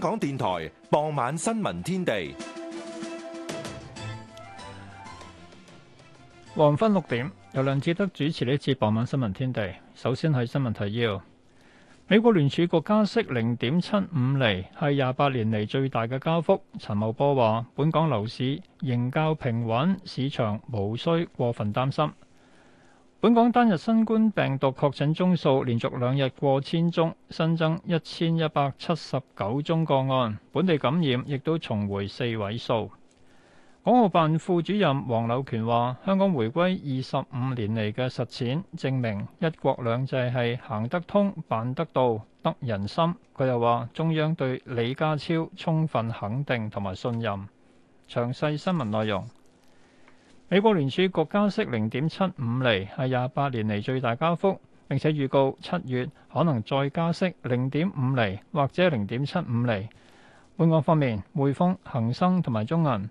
香港電台傍晚新聞天地，黃昏六點由梁志德主持呢次傍晚新聞天地。首先係新聞提要：美國聯儲局加息零點七五厘，係廿八年嚟最大嘅交幅。陳茂波話：本港樓市仍較平穩，市場無需過分擔心。本港單日新冠病毒確診宗數連續兩日過千宗，新增一千一百七十九宗個案，本地感染亦都重回四位數。港澳辦副主任黃柳權話：香港回歸二十五年嚟嘅實踐，證明一國兩制係行得通、辦得到、得人心。佢又話：中央對李家超充分肯定同埋信任。詳細新聞內容。美國聯儲局加息零點七五厘，係廿八年嚟最大加幅，並且預告七月可能再加息零點五厘，或者零點七五厘。本港方面，匯豐、恒生同埋中銀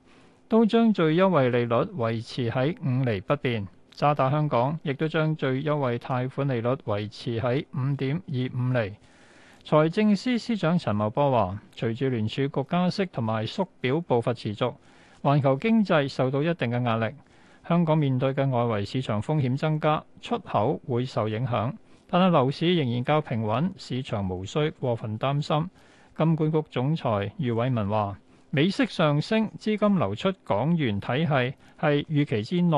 都將最優惠利率維持喺五厘不變。渣打香港亦都將最優惠貸款利率維持喺五點二五厘。財政司司長陳茂波話，隨住聯儲局加息同埋縮表步伐持續，環球經濟受到一定嘅壓力。香港面對嘅外圍市場風險增加，出口會受影響，但係樓市仍然較平穩，市場無需過分擔心。金管局總裁余偉文話：美息上升，資金流出港元體系係預期之內，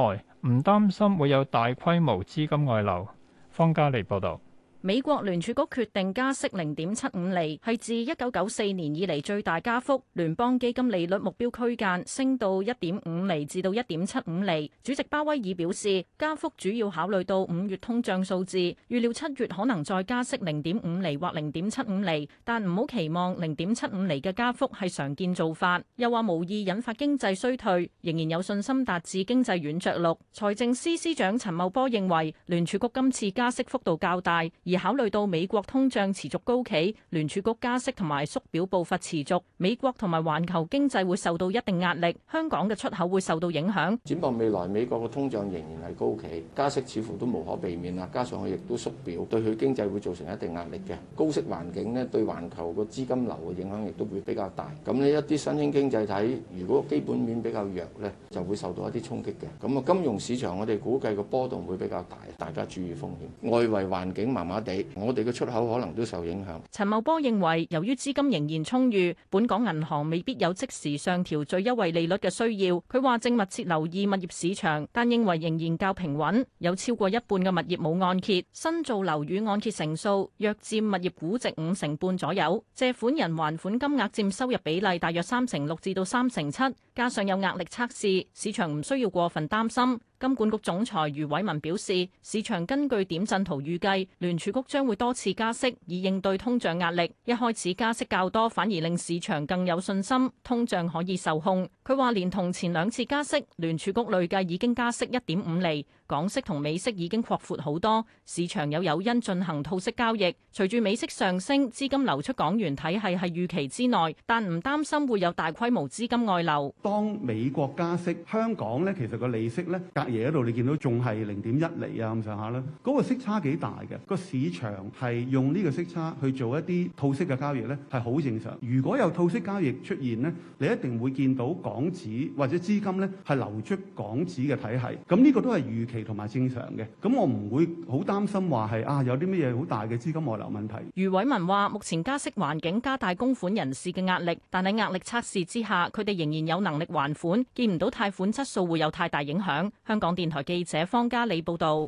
唔擔心會有大規模資金外流。方家利報導。美國聯儲局決定加息零點七五厘，係自一九九四年以嚟最大加幅。聯邦基金利率目標區間升到一點五厘至到一點七五厘。主席鮑威爾表示，加幅主要考慮到五月通脹數字，預料七月可能再加息零點五厘或零點七五厘，但唔好期望零點七五厘嘅加幅係常見做法。又話無意引發經濟衰退，仍然有信心達至經濟軟着陸。財政司司長陳茂波認為，聯儲局今次加息幅度較大。而考慮到美國通脹持續高企，聯儲局加息同埋縮表步伐持續，美國同埋環球經濟會受到一定壓力，香港嘅出口會受到影響，展望未來美國嘅通脹仍然係高企，加息似乎都無可避免啦。加上佢亦都縮表，對佢經濟會造成一定壓力嘅高息環境咧，對環球嘅資金流嘅影響亦都會比較大。咁咧，一啲新興經濟體如果基本面比較弱咧，就會受到一啲衝擊嘅。咁啊，金融市場我哋估計個波動會比較大，大家注意風險外圍環境慢慢。我哋嘅出口可能都受影響。陳茂波認為，由於資金仍然充裕，本港銀行未必有即時上調最優惠利率嘅需要。佢話正密切留意物業市場，但認為仍然較平穩。有超過一半嘅物業冇按揭，新造樓宇按揭成數約佔物業估值五成半左右。借款人還款金額佔收入比例大約三成六至到三成七，加上有壓力測試，市場唔需要過分擔心。金管局總裁余偉文表示，市場根據點陣圖預計聯儲局將會多次加息，以應對通脹壓力。一開始加息較多，反而令市場更有信心通脹可以受控。佢話，連同前兩次加息，聯儲局累計已經加息一點五厘。港息同美息已經擴闊好多，市場有誘因進行套息交易。隨住美息上升，資金流出港元體系係預期之內，但唔擔心會有大規模資金外流。當美國加息，香港咧其實個利息咧隔夜喺度，你見到仲係零點一釐啊咁上下啦，嗰個息差幾大嘅。個市場係用呢個息差去做一啲套息嘅交易咧，係好正常。如果有套息交易出現咧，你一定會見到港紙或者資金咧係流出港紙嘅體系。咁呢個都係預期。同埋正常嘅，咁我唔會好擔心話係啊有啲乜嘢好大嘅資金外流問題。余偉文話：目前加息環境加大供款人士嘅壓力，但喺壓力測試之下，佢哋仍然有能力還款，見唔到貸款質素會有太大影響。香港電台記者方嘉莉報道。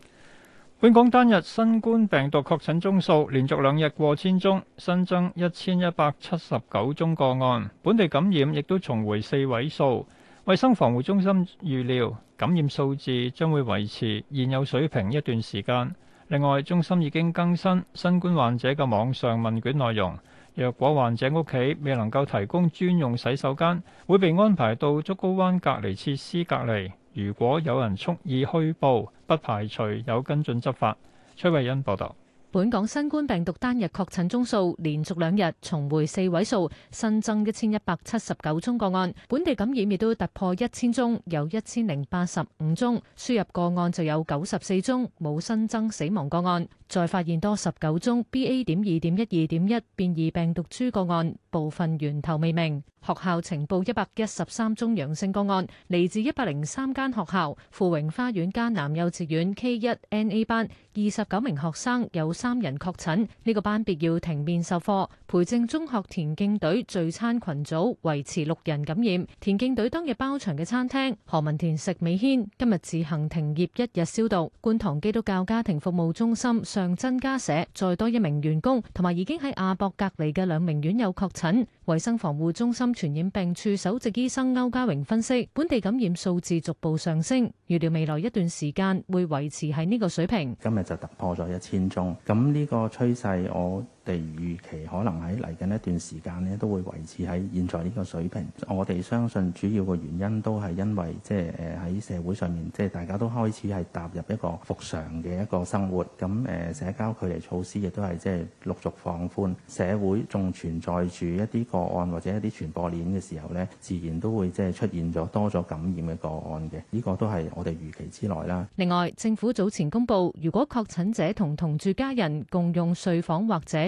本港單日新冠病毒確診宗數連續兩日過千宗，新增一千一百七十九宗個案，本地感染亦都重回四位數。衛生防護中心預料感染數字將會維持現有水平一段時間。另外，中心已經更新新冠患者嘅網上問卷內容。若果患者屋企未能夠提供專用洗手間，會被安排到竹篙灣隔離設施隔離。如果有人蓄意虛報，不排除有跟進執法。崔慧欣報道。本港新冠病毒單日確診宗數連續兩日重回四位數，新增一千一百七十九宗個案，本地感染亦都突破一千宗，有一千零八十五宗，輸入個案就有九十四宗，冇新增死亡個案。再發現多十九宗 B.A. 點二點一二點一變異病毒株個案，部分源頭未明。學校呈報一百一十三宗陽性個案，嚟自一百零三間學校，富榮花園迦南幼稚園 K 一 NA 班二十九名學生有。三人確診，呢個班別要停面授課。培正中學田徑隊聚餐群組維持六人感染。田徑隊當日包場嘅餐廳何文田食美軒今日自行停業一日消毒。觀塘基督教家庭服務中心上增加社再多一名員工，同埋已經喺亞博隔離嘅兩名院友確診。衛生防護中心傳染病處首席醫生歐家榮分析，本地感染數字逐步上升，預料未來一段時間會維持喺呢個水平。今日就突破咗一千宗。咁呢個趨勢我。我哋預期可能喺嚟緊一段時間咧，都會維持喺現在呢個水平。我哋相信主要嘅原因都係因為即係誒喺社會上面，即係大家都開始係踏入一個復常嘅一個生活。咁誒社交距離措施亦都係即係陸續放寬。社會仲存在住一啲個案或者一啲傳播鏈嘅時候咧，自然都會即係出現咗多咗感染嘅個案嘅。呢個都係我哋預期之內啦。另外，政府早前公布，如果確診者同同住家人共用睡房或者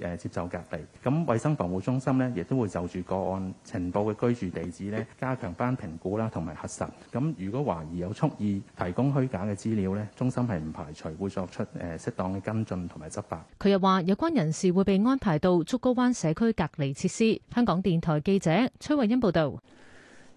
誒接受隔離，咁衛生防護中心呢，亦都會就住個案情報嘅居住地址呢，加強翻評估啦，同埋核實。咁如果懷疑有蓄意提供虛假嘅資料呢，中心係唔排除會作出誒適當嘅跟進同埋執法。佢又話，有關人士會被安排到竹篙灣社區隔離設施。香港電台記者崔慧欣報道。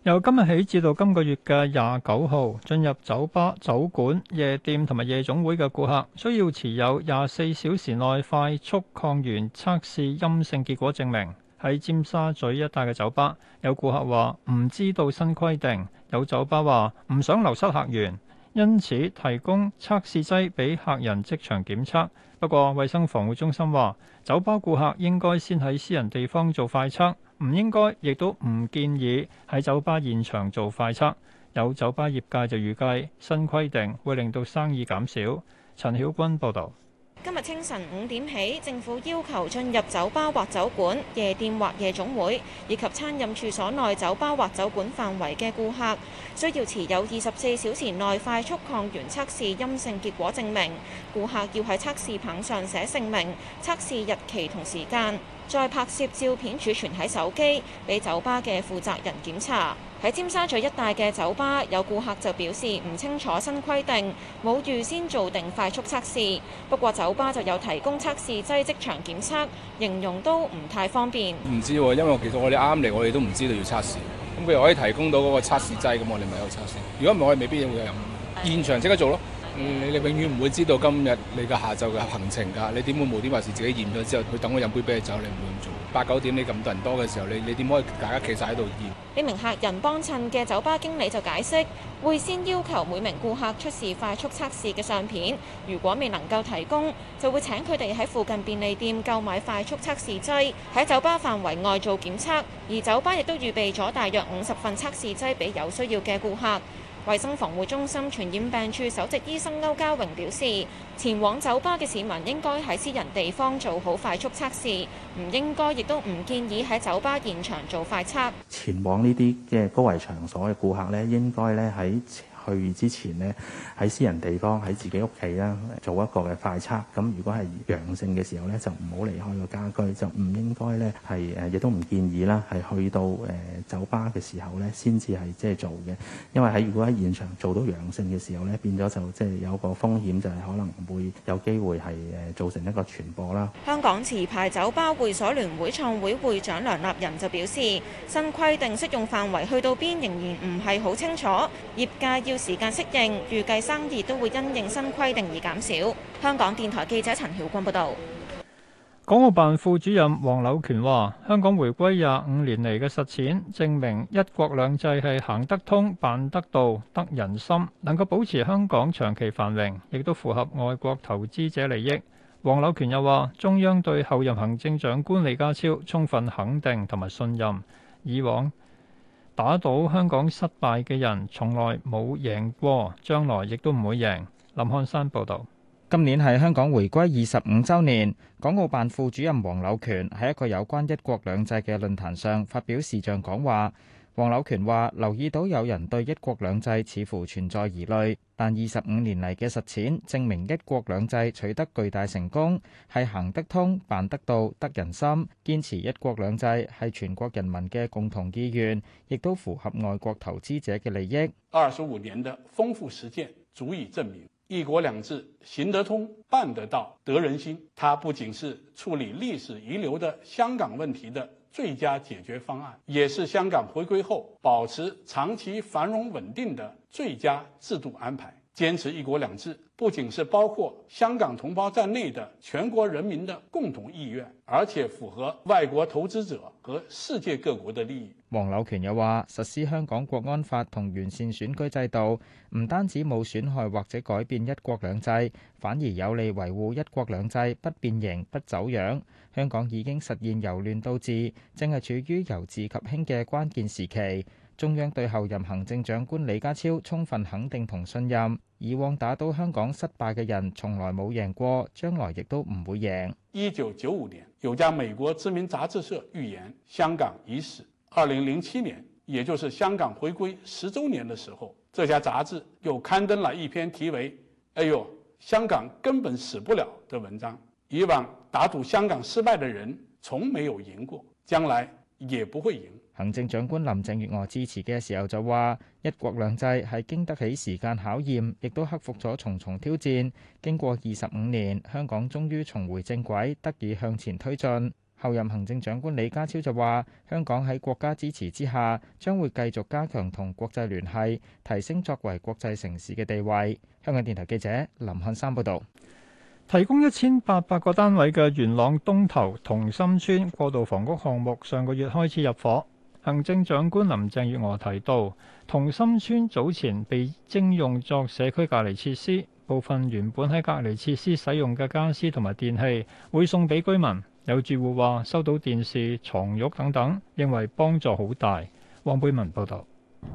由今日起至到今個月嘅廿九號，進入酒吧、酒館、夜店同埋夜總會嘅顧客，需要持有廿四小時內快速抗原測試陰性結果證明。喺尖沙咀一帶嘅酒吧，有顧客話唔知道新規定，有酒吧話唔想流失客源，因此提供測試劑俾客人即場檢測。不過，衛生防護中心話，酒吧顧客應該先喺私人地方做快測。唔應該，亦都唔建議喺酒吧現場做快測。有酒吧業界就預計新規定會令到生意減少。陳曉君報導。今日清晨五點起，政府要求進入酒吧或酒館、夜店或夜總會，以及餐飲處所內酒吧或酒館範圍嘅顧客，需要持有二十四小時內快速抗原測試陰性結果證明。顧客要喺測試棒上寫姓名、測試日期同時間，再拍攝照片儲存喺手機，俾酒吧嘅負責人檢查。喺尖沙咀一帶嘅酒吧，有顧客就表示唔清楚新規定，冇預先做定快速測試。不過酒吧就有提供測試劑即場檢測，形容都唔太方便。唔知喎，因為其實我哋啱嚟，我哋都唔知道要測試。咁佢又可以提供到嗰個測試劑，咁我哋咪有測試。如果唔係，我哋未必會有現場即刻做咯。你、嗯、你永遠唔會知道今日你嘅下晝嘅行程㗎，你點會無端端時自己驗咗之後去等我飲杯啤酒，你唔會咁做。八九點你咁多人多嘅時候，你你點可以大家企晒喺度要？呢名客人幫襯嘅酒吧經理就解釋，會先要求每名顧客出示快速測試嘅相片，如果未能夠提供，就會請佢哋喺附近便利店購買快速測試劑喺酒吧範圍外做檢測，而酒吧亦都預備咗大約五十份測試劑俾有需要嘅顧客。衛生防護中心傳染病處首席醫生歐家榮表示，前往酒吧嘅市民應該喺私人地方做好快速測試，唔應該亦都唔建議喺酒吧現場做快測。前往呢啲嘅高危場所嘅顧客呢，應該咧喺。去之前呢，喺私人地方喺自己屋企啦，做一個嘅快測，咁如果係陽性嘅時候呢，就唔好離開個家居，就唔應該呢係誒亦都唔建議啦，係去到誒酒吧嘅時候呢先至係即係做嘅。因為喺如果喺現場做到陽性嘅時候呢，變咗就即係有個風險就係、是、可能會有機會係誒造成一個傳播啦。香港持牌酒吧會所聯會創會會長梁立仁就表示，新規定適用範圍去到邊仍然唔係好清楚，業界要。要時間適應，預計生意都會因應新規定而減少。香港電台記者陳曉君報導。港澳辦副主任黃柳權話：香港回歸廿五年嚟嘅實踐，證明一國兩制係行得通、辦得到、得人心，能夠保持香港長期繁榮，亦都符合外國投資者利益。黃柳權又話：中央對候任行政長官李家超充分肯定同埋信任，以往。打倒香港失敗嘅人，從來冇贏過，將來亦都唔會贏。林漢山報導。今年係香港回歸二十五週年，港澳辦副主任黃柳權喺一個有關一國兩制嘅論壇上發表視像講話。黃柳權話：留意到有人對一國兩制似乎存在疑慮，但二十五年嚟嘅實踐證明一國兩制取得巨大成功，係行得通、辦得到、得人心。堅持一國兩制係全國人民嘅共同意願，亦都符合外國投資者嘅利益。二十五年的豐富實踐足以證明一國兩制行得通、辦得到、得人心。它不僅是處理歷史遺留的香港問題的最佳解決方案，也是香港回歸後保持長期繁榮穩定的最佳制度安排。堅持一國兩制，不僅是包括香港同胞在內的全國人民的共同意願，而且符合外國投資者和世界各國的利益。黃柳權又話，實施香港國安法同完善選舉制度，唔單止冇損害或者改變一國兩制，反而有利維護一國兩制不變形、不走樣。香港已經實現由亂到治，正係處於由治及興嘅關鍵時期。中央對候任行政長官李家超充分肯定同信任。以往打倒香港失敗嘅人，從來冇贏過，將來亦都唔會贏。一九九五年，有家美國知名雜誌社預言香港已死。二零零七年，也就是香港回歸十週年嘅時候，這家雜誌又刊登了一篇題為《哎呦，香港根本死不了》的文章。以往打賭香港失敗的人從沒有贏過，將來也不會贏。行政長官林鄭月娥致辭嘅時候就話，一國兩制係經得起時間考驗，亦都克服咗重重挑戰，經過二十五年，香港終於重回正軌，得以向前推進，後任行政長官李家超就話，香港喺國家支持之下，將會繼續加強同國際聯繫，提升作為國際城市嘅地位。香港電台記者林漢山報道。提供一千八百個單位嘅元朗東頭同心村過渡房屋項目上個月開始入伙。行政長官林鄭月娥提到，同心村早前被徵用作社區隔離設施，部分原本喺隔離設施使用嘅家私同埋電器會送俾居民。有住戶話收到電視、牀褥等等，認為幫助好大。黃貝文報道，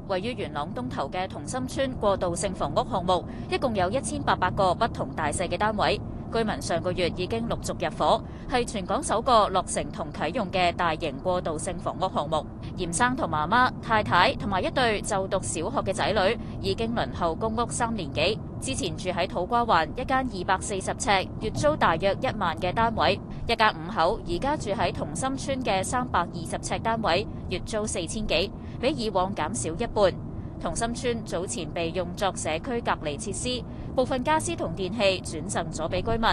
位於元朗東頭嘅同心村過渡性房屋項目，一共有一千八百個不同大細嘅單位。居民上個月已經陸續入伙，係全港首個落成同啟用嘅大型過渡性房屋項目。嚴生同媽媽、太太同埋一對就讀小學嘅仔女，已經輪候公屋三年幾。之前住喺土瓜灣一間二百四十尺、月租大約一萬嘅單位，一家五口而家住喺同心村嘅三百二十尺單位，月租四千幾，比以往減少一半。同心村早前被用作社區隔離設施。部分家私同電器轉贈咗俾居民，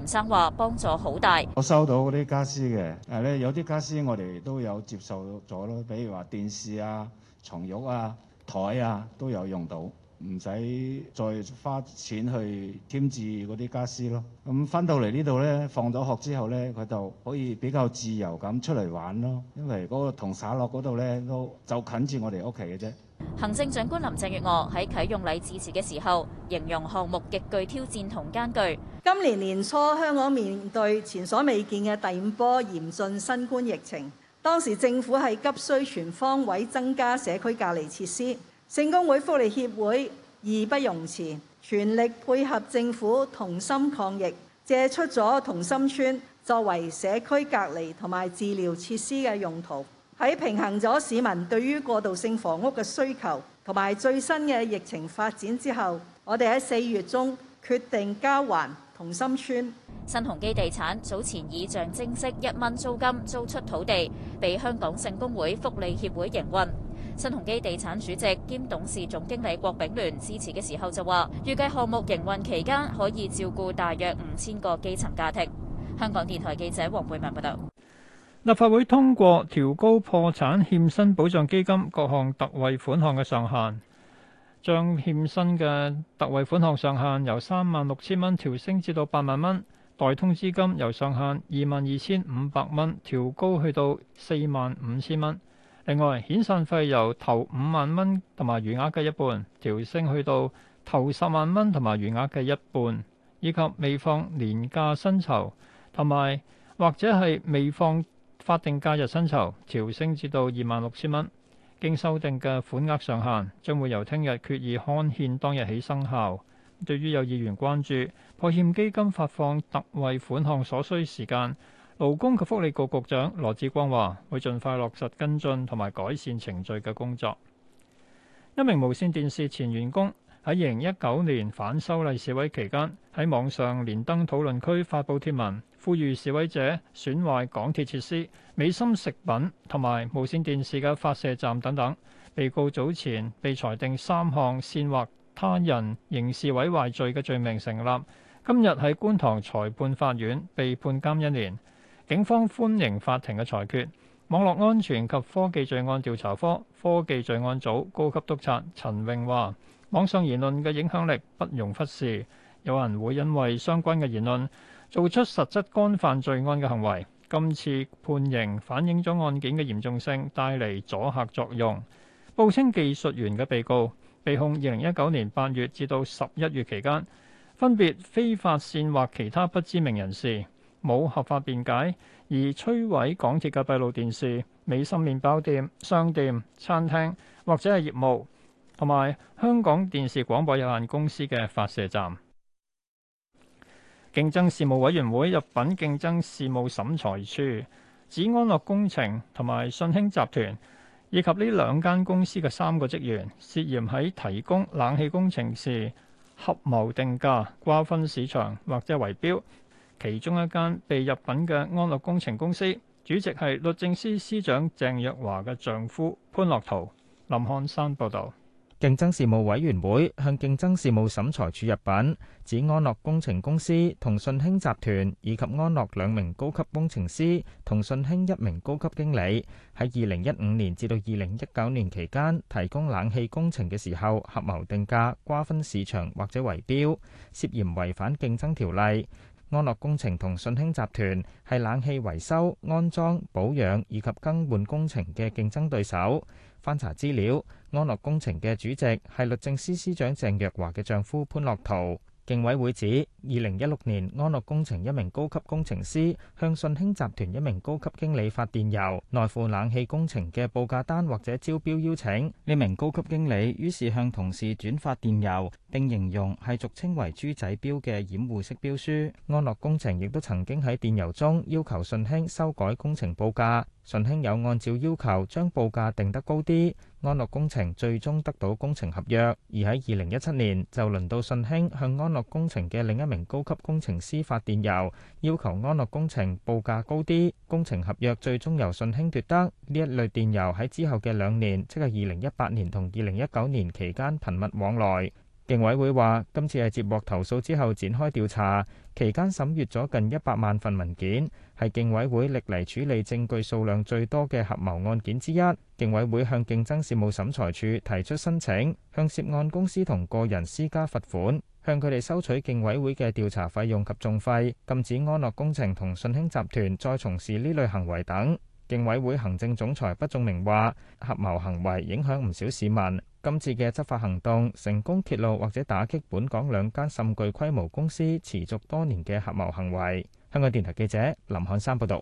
嚴生話幫助好大。我收到嗰啲家私嘅，誒咧有啲家私我哋都有接受咗咯，比如話電視啊、牀褥啊、枱啊都有用到。唔使再花錢去添置嗰啲家私咯。咁返到嚟呢度呢，放咗學之後呢，佢就可以比較自由咁出嚟玩咯。因為嗰個同沙落嗰度呢，都就近住我哋屋企嘅啫。行政長官林鄭月娥喺啟用禮致辭嘅時候，形容項目極具挑戰同艱巨。今年年初香港面對前所未見嘅第五波嚴峻新冠疫情，當時政府係急需全方位增加社區隔離設施。聖公會福利協會義不容辭，全力配合政府同心抗疫，借出咗同心村作為社區隔離同埋治療設施嘅用途。喺平衡咗市民對於過渡性房屋嘅需求，同埋最新嘅疫情發展之後，我哋喺四月中決定交還同心村。新鴻基地產早前以象徵式一蚊租金租出土地，俾香港聖公會福利協會營運。新鴻基地產主席兼董事總經理郭炳聯支持嘅時候就話，預計項目營運期間可以照顧大約五千個基層家庭。香港電台記者黃慧文報道。立法會通過調高破產欠薪保障基金各項特惠款項嘅上限，將欠薪嘅特惠款項上限由三萬六千蚊調升至到八萬蚊，代通資金由上限二萬二千五百蚊調高去到四萬五千蚊。另外，遣散費由頭五萬蚊同埋餘額嘅一半調升去到頭十萬蚊同埋餘額嘅一半，以及未放年假薪酬同埋或者係未放法定假日薪酬，調升至到二萬六千蚊。經修訂嘅款額上限將會由聽日決議刊憲當日起生效。對於有議員關注破欠基金發放特惠款項所需時間，勞工及福利局局長羅志光話，會盡快落實跟進同埋改善程序嘅工作。一名無綫電視前員工喺二零一九年反修例示威期間喺網上連登討論區發佈貼文，呼籲示威者損壞港鐵設施、美心食品同埋無綫電視嘅發射站等等。被告早前被裁定三項煽惑他人刑事毀壞罪嘅罪名成立，今日喺觀塘裁判法院被判監一年。警方歡迎法庭嘅裁決。網絡安全及科技罪案調查科科技罪案組高級督察陳穎話：網上言論嘅影響力不容忽視，有人會因為相關嘅言論做出實質干犯罪案嘅行為。今次判刑反映咗案件嘅嚴重性，帶嚟阻嚇作用。報稱技術員嘅被告被控二零一九年八月至到十一月期間，分別非法線或其他不知名人士。冇合法辯解，而摧毀港鐵嘅閉路電視、美心麵包店、商店、餐廳或者係業務，同埋香港電視廣播有限公司嘅發射站。競爭事務委員會入禀競爭事務審裁處，指安樂工程同埋信興集團以及呢兩間公司嘅三個職員涉嫌喺提供冷氣工程時合謀定價、瓜分市場或者圍標。其中一間被入稟嘅安樂工程公司主席係律政司司長鄭若驊嘅丈夫潘樂陶。林漢山報導，競爭事務委員會向競爭事務審裁處入稟，指安樂工程公司同順興集團以及安樂兩名高級工程師同順興一名高級經理喺二零一五年至到二零一九年期間提供冷氣工程嘅時候合謀定價、瓜分市場或者圍標，涉嫌違反競爭條例。安樂工程同信興集團係冷氣維修、安裝、保養以及更換工程嘅競爭對手。翻查資料，安樂工程嘅主席係律政司司長鄭若驊嘅丈夫潘樂陶。競委會指，二零一六年安樂工程一名高級工程師向順興集團一名高級經理發電郵，內附冷氣工程嘅報價單或者招標邀請。呢名高級經理於是向同事轉發電郵，並形容係俗稱為豬仔標嘅掩護式標書。安樂工程亦都曾經喺電郵中要求順興修改工程報價，順興有按照要求將報價定得高啲。安樂工程最終得到工程合約，而喺二零一七年就輪到順興向安樂工程嘅另一名高級工程師發電郵，要求安樂工程報價高啲，工程合約最終由順興奪得。呢一類電郵喺之後嘅兩年，即係二零一八年同二零一九年期間頻密往來。競委會話：今次係接獲投訴之後展開調查，期間審閱咗近一百萬份文件，係競委會歷嚟處理證據數量最多嘅合謀案件之一。競委會向競爭事務審裁處提出申請，向涉案公司同個人施加罰款，向佢哋收取競委會嘅調查費用及訟費，禁止安樂工程同信興集團再從事呢類行為等。競委會行政總裁畢仲明話，合謀行為影響唔少市民。今次嘅執法行動成功揭露或者打擊本港兩間甚具規模公司持續多年嘅合謀行為。香港電台記者林漢山報道，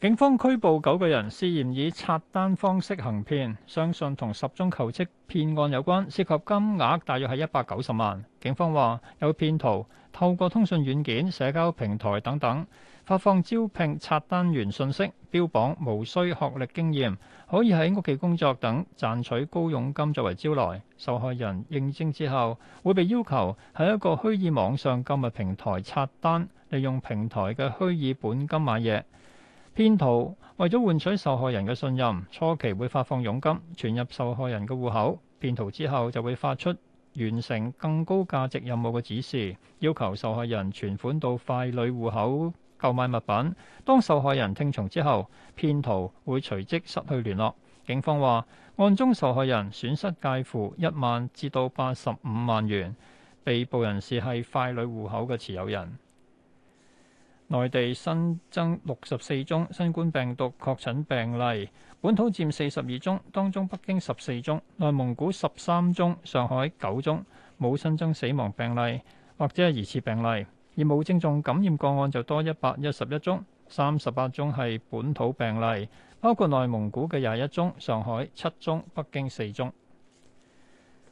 警方拘捕九個人，涉嫌以刷單方式行騙，相信同十宗求職騙案有關，涉及金額大約係一百九十萬。警方話有騙徒透過通訊軟件、社交平台等等。發放招聘刷單員信息，標榜無需學歷經驗，可以喺屋企工作等賺取高佣金，作為招來。受害人應徵之後會被要求喺一個虛擬網上購物平台刷單，利用平台嘅虛擬本金買嘢。騙徒為咗換取受害人嘅信任，初期會發放佣金，存入受害人嘅戶口。騙徒之後就會發出完成更高價值任務嘅指示，要求受害人存款到傀儡戶口，購買物品，當受害人聽從之後，騙徒會隨即失去聯絡。警方話，案中受害人損失介乎一萬至到八十五萬元，被捕人士係傀儡戶口嘅持有人。內地新增六十四宗新冠病毒確診病例，本土佔四十二宗，當中北京十四宗，內蒙古十三宗，上海九宗，冇新增死亡病例或者疑似病例。而冇症狀感染個案就多一百一十一宗，三十八宗係本土病例，包括內蒙古嘅廿一宗、上海七宗、北京四宗。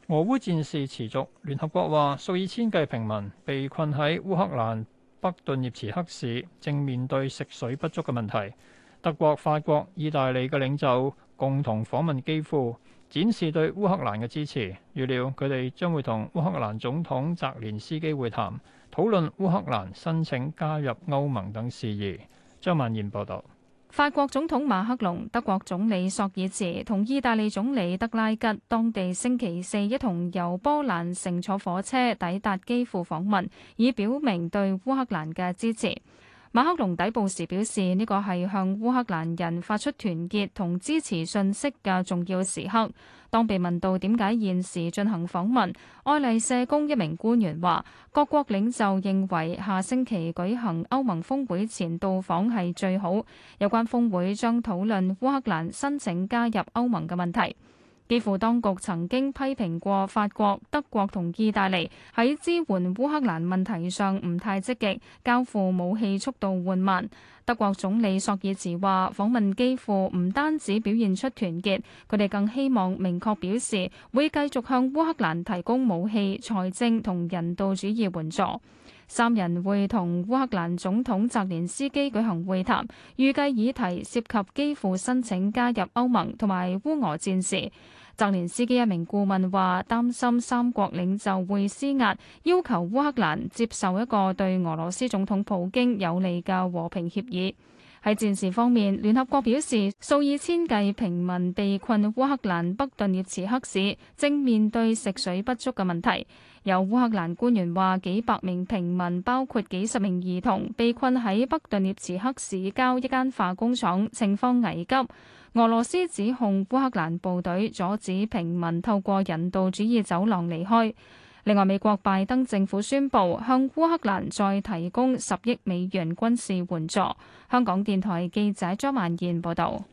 俄烏戰事持續，聯合國話數以千計平民被困喺烏克蘭北頓涅茨克市，正面對食水不足嘅問題。德國、法國、意大利嘅領袖共同訪問基輔，展示對烏克蘭嘅支持。預料佢哋將會同烏克蘭總統澤連斯基會談，討論烏克蘭申請加入歐盟等事宜。張曼燕報道。法國總統馬克龍、德國總理朔爾茨同意大利總理德拉吉，當地星期四一同由波蘭乘坐火車抵達基輔訪問，以表明對烏克蘭嘅支持。馬克龍抵步時表示，呢個係向烏克蘭人發出團結同支持訊息嘅重要時刻。當被問到點解現時進行訪問，愛麗舍宮一名官員話，各國領袖認為下星期舉行歐盟峰會前到訪係最好。有關峰會將討論烏克蘭申請加入歐盟嘅問題。幾乎當局曾經批評過法國、德國同意大利喺支援烏克蘭問題上唔太積極，交付武器速度緩慢。德國總理朔爾茨話，訪問基輔唔單止表現出團結，佢哋更希望明確表示會繼續向烏克蘭提供武器、財政同人道主義援助。三人會同烏克蘭總統澤連斯基舉行會談，預計議題涉及基輔申請加入歐盟同埋烏俄戰事。澤連斯基一名顧問話，擔心三國領袖會施壓，要求烏克蘭接受一個對俄羅斯總統普京有利嘅和平協議。喺戰事方面，聯合國表示，數以千計平民被困烏克蘭北頓涅茨克市，正面對食水不足嘅問題。有烏克蘭官員話，幾百名平民，包括幾十名兒童，被困喺北頓涅茨克市郊一間化工廠，情況危急。俄羅斯指控烏克蘭部隊阻止平民透過人道主義走廊離開。另外，美國拜登政府宣布向烏克蘭再提供十億美元軍事援助。香港電台記者張曼燕報道。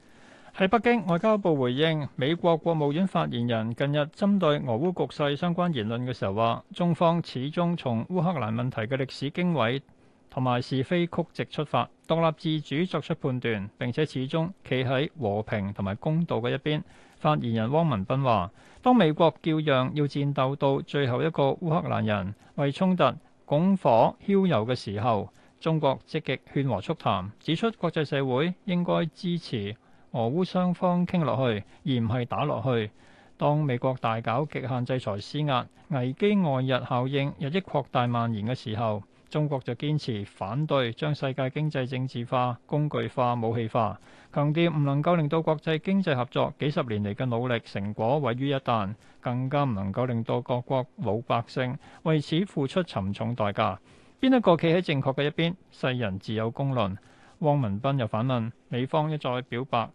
喺北京，外交部回應美國國務院發言人近日針對俄烏局勢相關言論嘅時候話，中方始終從烏克蘭問題嘅歷史經緯，同埋是非曲直出發，獨立自主作出判斷，並且始終企喺和平同埋公道嘅一邊。發言人汪文斌話：當美國叫嚷要戰鬥到最後一個烏克蘭人，為衝突拱火、澆油嘅時候，中國積極勸和促談，指出國際社會應該支持俄烏雙方傾落去，而唔係打落去。當美國大搞極限制裁施壓，危機外溢效應日益擴大蔓延嘅時候，中國就堅持反對將世界經濟政治化、工具化、武器化，強調唔能夠令到國際經濟合作幾十年嚟嘅努力成果毀於一旦，更加唔能夠令到各國老百姓為此付出沉重代價。邊一個企喺正確嘅一邊，世人自有公論。汪文斌又反問美方一再表白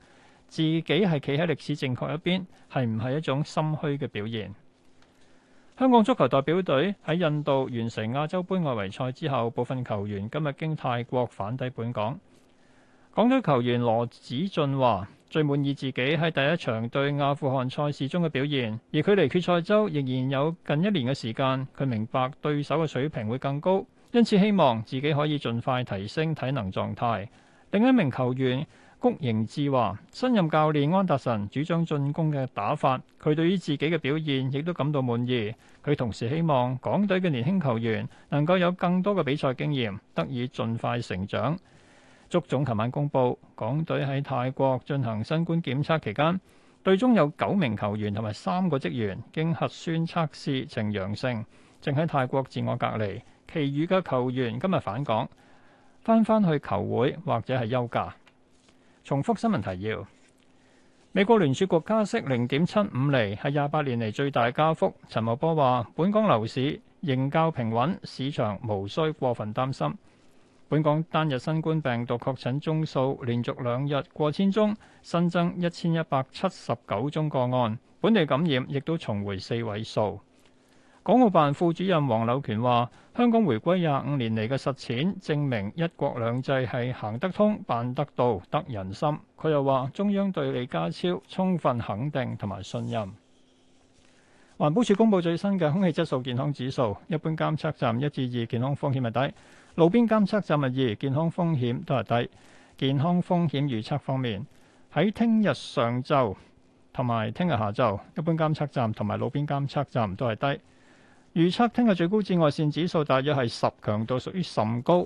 自己係企喺歷史正確一邊，係唔係一種心虛嘅表現？香港足球代表隊喺印度完成亞洲杯外圍賽之後，部分球員今日經泰國返抵本港。港隊球員羅子俊話：最滿意自己喺第一場對阿富汗賽事中嘅表現，而距離決賽周仍然有近一年嘅時間，佢明白對手嘅水平會更高，因此希望自己可以盡快提升體能狀態。另一名球員。谷盈志話：新任教練安達臣主張進攻嘅打法，佢對於自己嘅表現亦都感到滿意。佢同時希望港隊嘅年輕球員能夠有更多嘅比賽經驗，得以盡快成長。足總琴晚公佈，港隊喺泰國進行新冠檢測期間，隊中有九名球員同埋三個職員經核酸測試呈陽性，正喺泰國自我隔離，其餘嘅球員今日返港，返返去球會或者係休假。重複新聞提要：美國聯儲局加息零點七五厘，係廿八年嚟最大加幅。陳茂波話：本港樓市仍較平穩，市場無需過分擔心。本港單日新冠病毒確診宗數連續兩日過千宗，新增一千一百七十九宗個案，本地感染亦都重回四位數。港澳辦副主任黃柳權話：香港回歸廿五年嚟嘅實踐證明一國兩制係行得通、辦得到、得人心。佢又話：中央對李家超充分肯定同埋信任。環保署公布最新嘅空氣質素健康指數，一般監測站一至二健康風險係低，路邊監測站係二健康風險都係低。健康風險預測方面，喺聽日上晝同埋聽日下晝，一般監測站同埋路邊監測站都係低。預測聽日最高紫外線指數大約係十強，強度屬於甚高。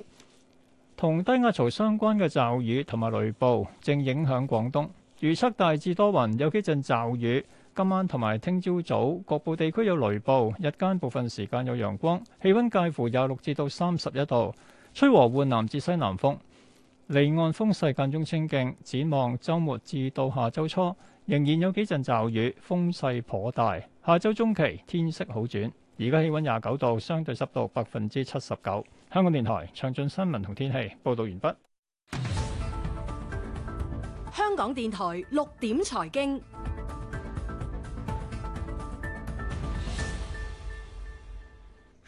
同低壓槽相關嘅驟雨同埋雷暴正影響廣東。預測大致多雲，有幾陣驟雨。今晚同埋聽朝早，早各部地區有雷暴，日間部分時間有陽光，氣温介乎廿六至到三十一度，吹和緩南至西南風。離岸風勢間中清勁。展望周末至到下周初仍然有幾陣驟雨，風勢頗大。下周中期天色好轉。而家氣温廿九度，相對濕度百分之七十九。香港電台詳盡新聞同天氣報導完畢。香港電台六點財經。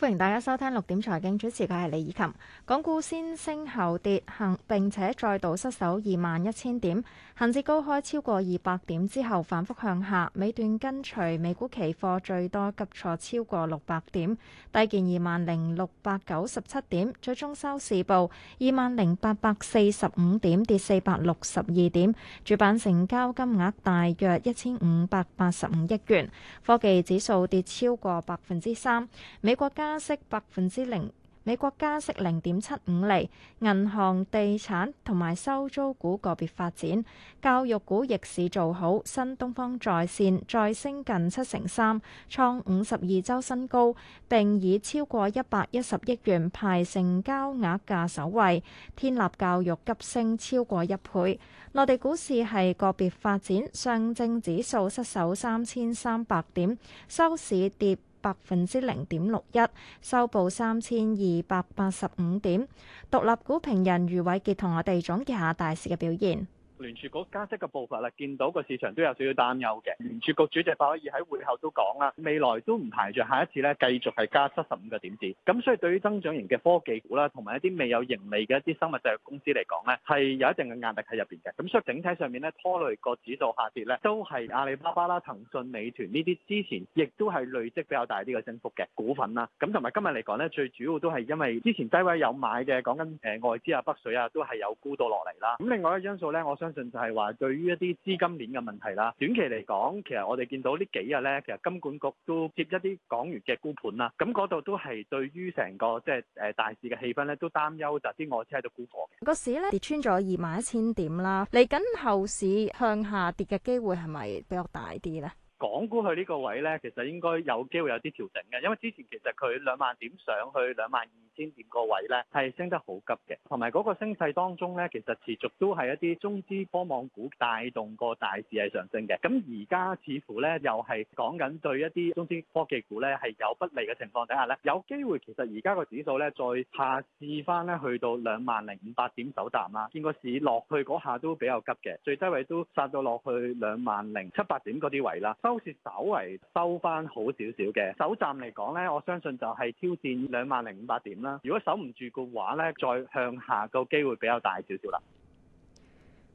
歡迎大家收聽六點財經，主持嘅係李以琴。港股先升後跌，行並且再度失守二萬一千點，行至高開超過二百點之後反覆向下，尾段跟隨美股期貨最多急挫超過六百點，低見二萬零六百九十七點，最終收市報二萬零八百四十五點，跌四百六十二點，主板成交金額大約一千五百八十五億元，科技指數跌超過百分之三，美國加加息百分之零，美國加息零點七五厘，銀行、地產同埋收租股個別發展，教育股逆市做好，新東方在綫再升近七成三，創五十二周新高，並以超過一百一十億元排成交額價首位。天立教育急升超過一倍。內地股市係個別發展，上證指數失守三千三百點，收市跌百分之零點六一，收報三千二百八十五點。獨立股評人余偉傑同我哋總結下大市嘅表現。聯儲局加息嘅步伐啦，見到個市場都有少少擔憂嘅。聯儲局主席鮑威爾喺會後都講啦，未來都唔排除下一次咧繼續係加七十五個點子。咁所以對於增長型嘅科技股啦，同埋一啲未有盈利嘅一啲生物製藥公司嚟講咧，係有一定嘅壓力喺入邊嘅。咁所以整體上面咧拖累個指數下跌咧，都係阿里巴巴啦、騰訊、美團呢啲之前亦都係累積比較大啲嘅升幅嘅股份啦。咁同埋今日嚟講咧，最主要都係因為之前低位有買嘅，講緊誒外資啊、北水啊，都係有沽到落嚟啦。咁另外一個因素咧，我想。就係話對於一啲資金鏈嘅問題啦，短期嚟講，其實我哋見到呢幾日咧，其實金管局都接一啲港元嘅沽盤啦，咁嗰度都係對於成個即係誒大市嘅氣氛咧都擔憂，就啲外資喺度沽貨嘅。個市咧跌穿咗二萬一千點啦，嚟緊後市向下跌嘅機會係咪比較大啲咧？港股佢呢個位呢，其實應該有機會有啲調整嘅，因為之前其實佢兩萬點上去兩萬二千點個位呢，係升得好急嘅，同埋嗰個升勢當中呢，其實持續都係一啲中資科網股帶動個大市係上升嘅。咁而家似乎呢，又係講緊對一啲中資科技股呢，係有不利嘅情況底下呢，有機會其實而家個指數呢，再下試翻呢，去到兩萬零五百點走淡啦，見個市落去嗰下都比較急嘅，最低位都殺到落去兩萬零七百點嗰啲位啦。都是，稍微收翻好少少嘅，首站，嚟講呢，我相信就係挑戰兩萬零五百點啦。如果守唔住嘅話呢，再向下個機會比較大少少啦。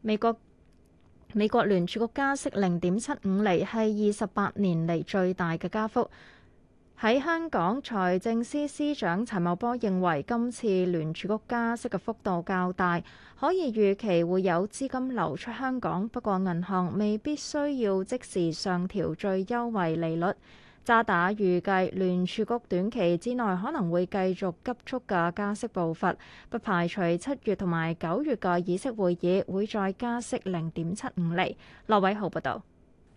美國美國聯儲局加息零點七五厘，係二十八年嚟最大嘅加幅。喺香港，財政司司長陳茂波認為今次聯儲局加息嘅幅度較大，可以預期會有資金流出香港。不過銀行未必需要即時上調最優惠利率。渣打預計聯儲局短期之內可能會繼續急速嘅加息步伐，不排除七月同埋九月嘅議息會議會再加息零點七五厘。羅偉豪報導。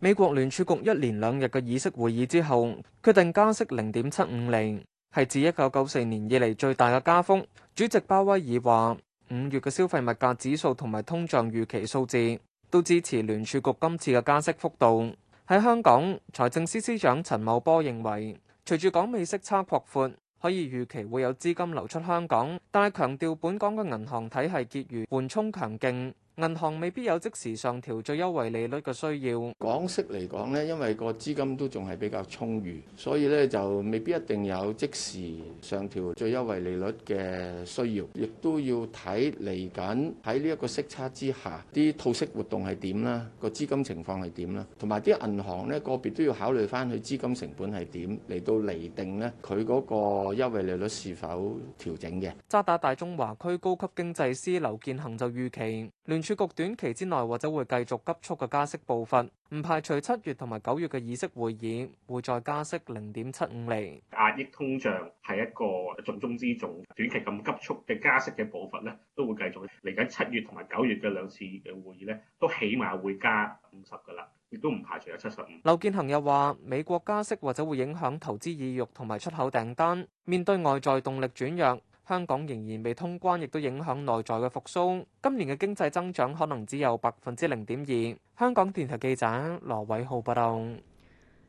美國聯儲局一連兩日嘅議息會議之後，決定加息零點七五零，係自一九九四年以嚟最大嘅加幅。主席鮑威爾話，五月嘅消費物價指數同埋通脹預期數字都支持聯儲局今次嘅加息幅度。喺香港，財政司司長陳茂波認為，隨住港美息差擴闊，可以預期會有資金流出香港，但係強調本港嘅銀行體系結餘緩衝強勁。銀行未必有即時上調最優惠利率嘅需要。港息嚟講呢，因為個資金都仲係比較充裕，所以呢就未必一定有即時上調最優惠利率嘅需要。亦都要睇嚟緊喺呢一個息差之下，啲套息活動係點啦？個資金情況係點啦？同埋啲銀行呢個別都要考慮翻佢資金成本係點嚟到釐定呢，佢嗰個優惠利率是否調整嘅。渣打大中華區高級經濟師劉建恒就預期。聯儲局短期之內或者會繼續急速嘅加息步伐，唔排除七月同埋九月嘅議息會議會再加息零點七五厘，壓抑通脹係一個重中之重，短期咁急速嘅加息嘅步伐呢，都會繼續。嚟緊七月同埋九月嘅兩次嘅會議呢，都起碼會加五十噶啦，亦都唔排除有七十五。劉建恒又話：美國加息或者會影響投資意欲同埋出口訂單，面對外在動力轉弱。香港仍然未通關亦都影響內在嘅復蘇，今年嘅經濟增長可能只有百分之零點二。香港電台記者羅偉浩報道。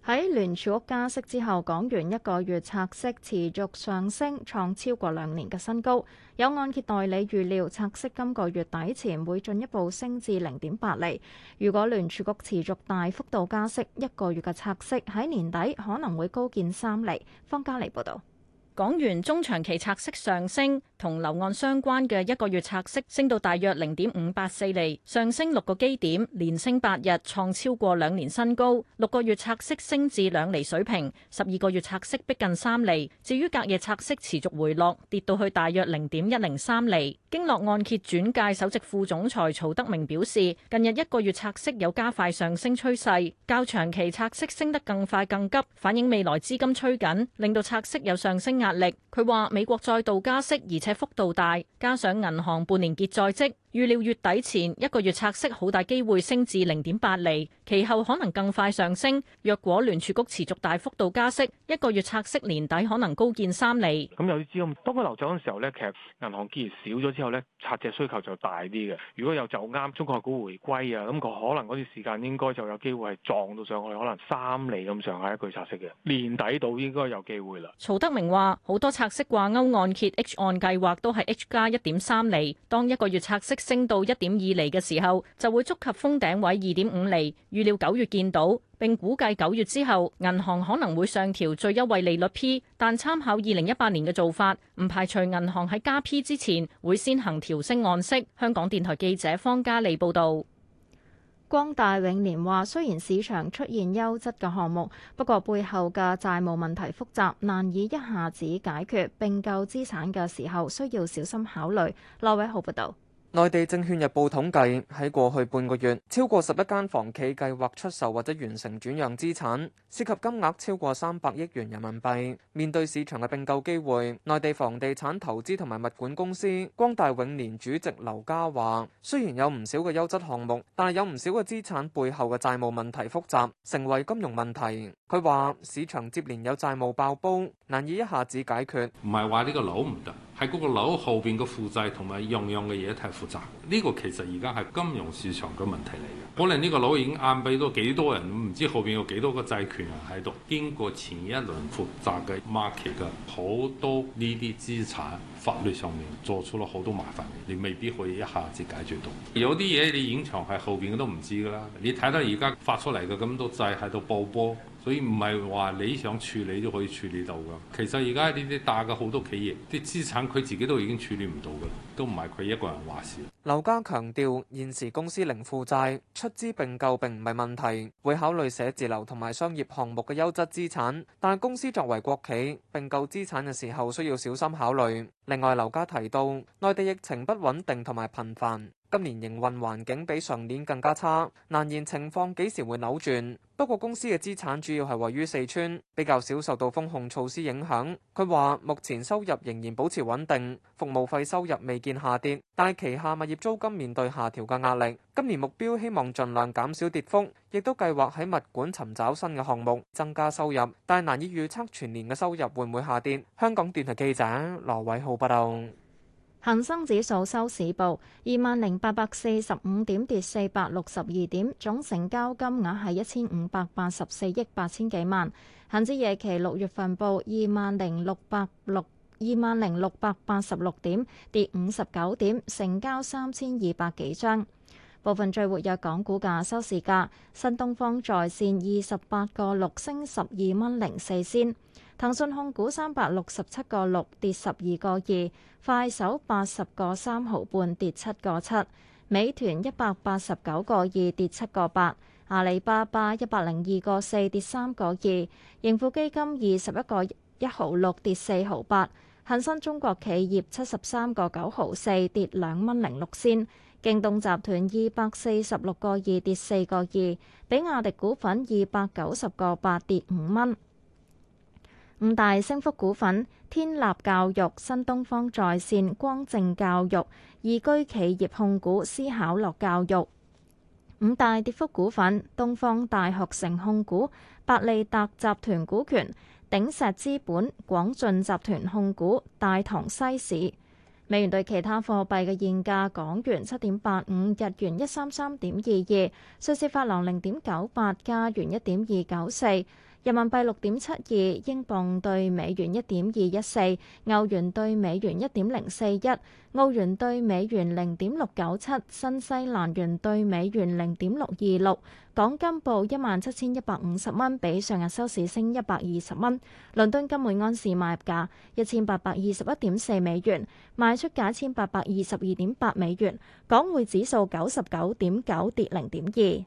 喺聯儲局加息之後，港元一個月拆息持續上升，創超過兩年嘅新高。有按揭代理預料，拆息今個月底前會進一步升至零點八厘，如果聯儲局持續大幅度加息，一個月嘅拆息喺年底可能會高見三厘，方嘉莉報道。港元中長期拆息上升。同樓按相關嘅一個月拆息升到大約零點五八四厘，上升六個基點，連升八日，創超過兩年新高。六個月拆息升至兩厘水平，十二個月拆息逼近三厘。至於隔夜拆息持續回落，跌到去大約零點一零三厘。經絡按揭轉介首席副總裁曹德明表示，近日一個月拆息有加快上升趨勢，較長期拆息升得更快更急，反映未來資金趨緊，令到拆息有上升壓力。佢話美國再度加息，而且嘅幅度大，加上銀行半年結在即。預料月底前一個月拆息好大機會升至零點八厘，其後可能更快上升。若果聯儲局持續大幅度加息，一個月拆息年底可能高見三厘。咁、嗯、有啲資金當佢流走嗰陣時候呢，其實銀行結餘少咗之後呢，拆借需求就大啲嘅。如果有就啱中國股回歸啊，咁、嗯、佢可能嗰段時間應該就有機會係撞到上去，可能三厘咁上下一句拆息嘅年底度應該有機會啦。曹德明話：好多拆息掛鈎按揭 H 按計劃都係 H 加一點三厘，當一個月拆息。升到一點二厘嘅時候就會觸及封頂位二點五厘。預料九月見到。並估計九月之後銀行可能會上調最優惠利率 P，但參考二零一八年嘅做法，唔排除銀行喺加 P 之前會先行調升按息。香港電台記者方嘉利報導。光大永年話：雖然市場出現優質嘅項目，不過背後嘅債務問題複雜，難以一下子解決。並購資產嘅時候需要小心考慮。羅偉浩報導。內地證券日報統計喺過去半個月，超過十一間房企計劃出售或者完成轉讓資產，涉及金額超過三百億元人民幣。面對市場嘅併購機會，內地房地產投資同埋物管公司光大永年主席劉家華，雖然有唔少嘅優質項目，但係有唔少嘅資產背後嘅債務問題複雜，成為金融問題。佢話市場接連有債務爆煲。難以一下子解決，唔係話呢個樓唔得，係嗰個樓後邊個負債同埋樣樣嘅嘢太複雜，呢個其實而家係金融市場嘅問題嚟嘅。可能呢個樓已經啱俾咗幾多人，唔知後邊有幾多個債權人喺度。經過前一輪複雜嘅 market 嘅好多呢啲資產法律上面做出了好多麻煩，你未必可以一下子解決到。有啲嘢你掩藏喺後邊嘅都唔知㗎啦。你睇到而家發出嚟嘅咁多債喺度爆波。所以唔係話你想處理都可以處理到㗎。其實而家呢啲大嘅好多企業啲資產，佢自己都已經處理唔到㗎。都唔係佢一個人話事。劉家強調現時公司零負債，出資並購並唔係問題，會考慮寫字樓同埋商業項目嘅優質資產。但公司作為國企，並購資產嘅時候需要小心考慮。另外，劉家提到內地疫情不穩定同埋頻繁，今年營運環境比上年更加差，難言情況幾時會扭轉。不過公司嘅資產主要係位於四川，比較少受到封控措施影響。佢話目前收入仍然保持穩定，服務費收入未見下跌，但係旗下物業租金面對下調嘅壓力，今年目標希望盡量減少跌幅，亦都計劃喺物管尋找新嘅項目增加收入，但係難以預測全年嘅收入會唔會下跌。香港電台記者羅偉浩報導。恒生指數收市報二萬零八百四十五點，跌四百六十二點，總成交金額係一千五百八十四億八千幾萬。恒指夜期六月份報二萬零六百六。二萬零六百八十六點，跌五十九點，成交三千二百幾張。部分最活躍港股價收市價：新東方在線二十八個六升十二蚊零四仙；騰訊控股三百六十七個六跌十二個二，快手八十個三毫半跌七個七，美團一百八十九個二跌七個八，阿里巴巴一百零二個四跌三個二，盈富基金二十一個一毫六跌四毫八。恒生中國企業七十三個九毫四，2，跌兩蚊零六仙。京東集團二百四十六個二，跌四個二。比亞迪股份二百九十個八，跌五蚊。五大升幅股份：天立教育、新東方在線、光正教育、易居企業控股、思考樂教育。五大跌幅股份：東方大學城控股、百利達集團股權。鼎石資本、廣進集團控股、大唐西市。美元對其他貨幣嘅現價：港元七點八五，日元一三三點二二，瑞士法郎零點九八，加元一點二九四。人民幣六點七二，英鎊兌美元一點二一四，歐元兌美元一點零四一，澳元兌美元零點六九七，新西蘭元兌美元零點六二六。港金報一萬七千一百五十蚊，比上日收市升一百二十蚊。倫敦金每安士買入價一千八百二十一點四美元，賣出價一千八百二十二點八美元。港匯指數九十九點九跌零點二。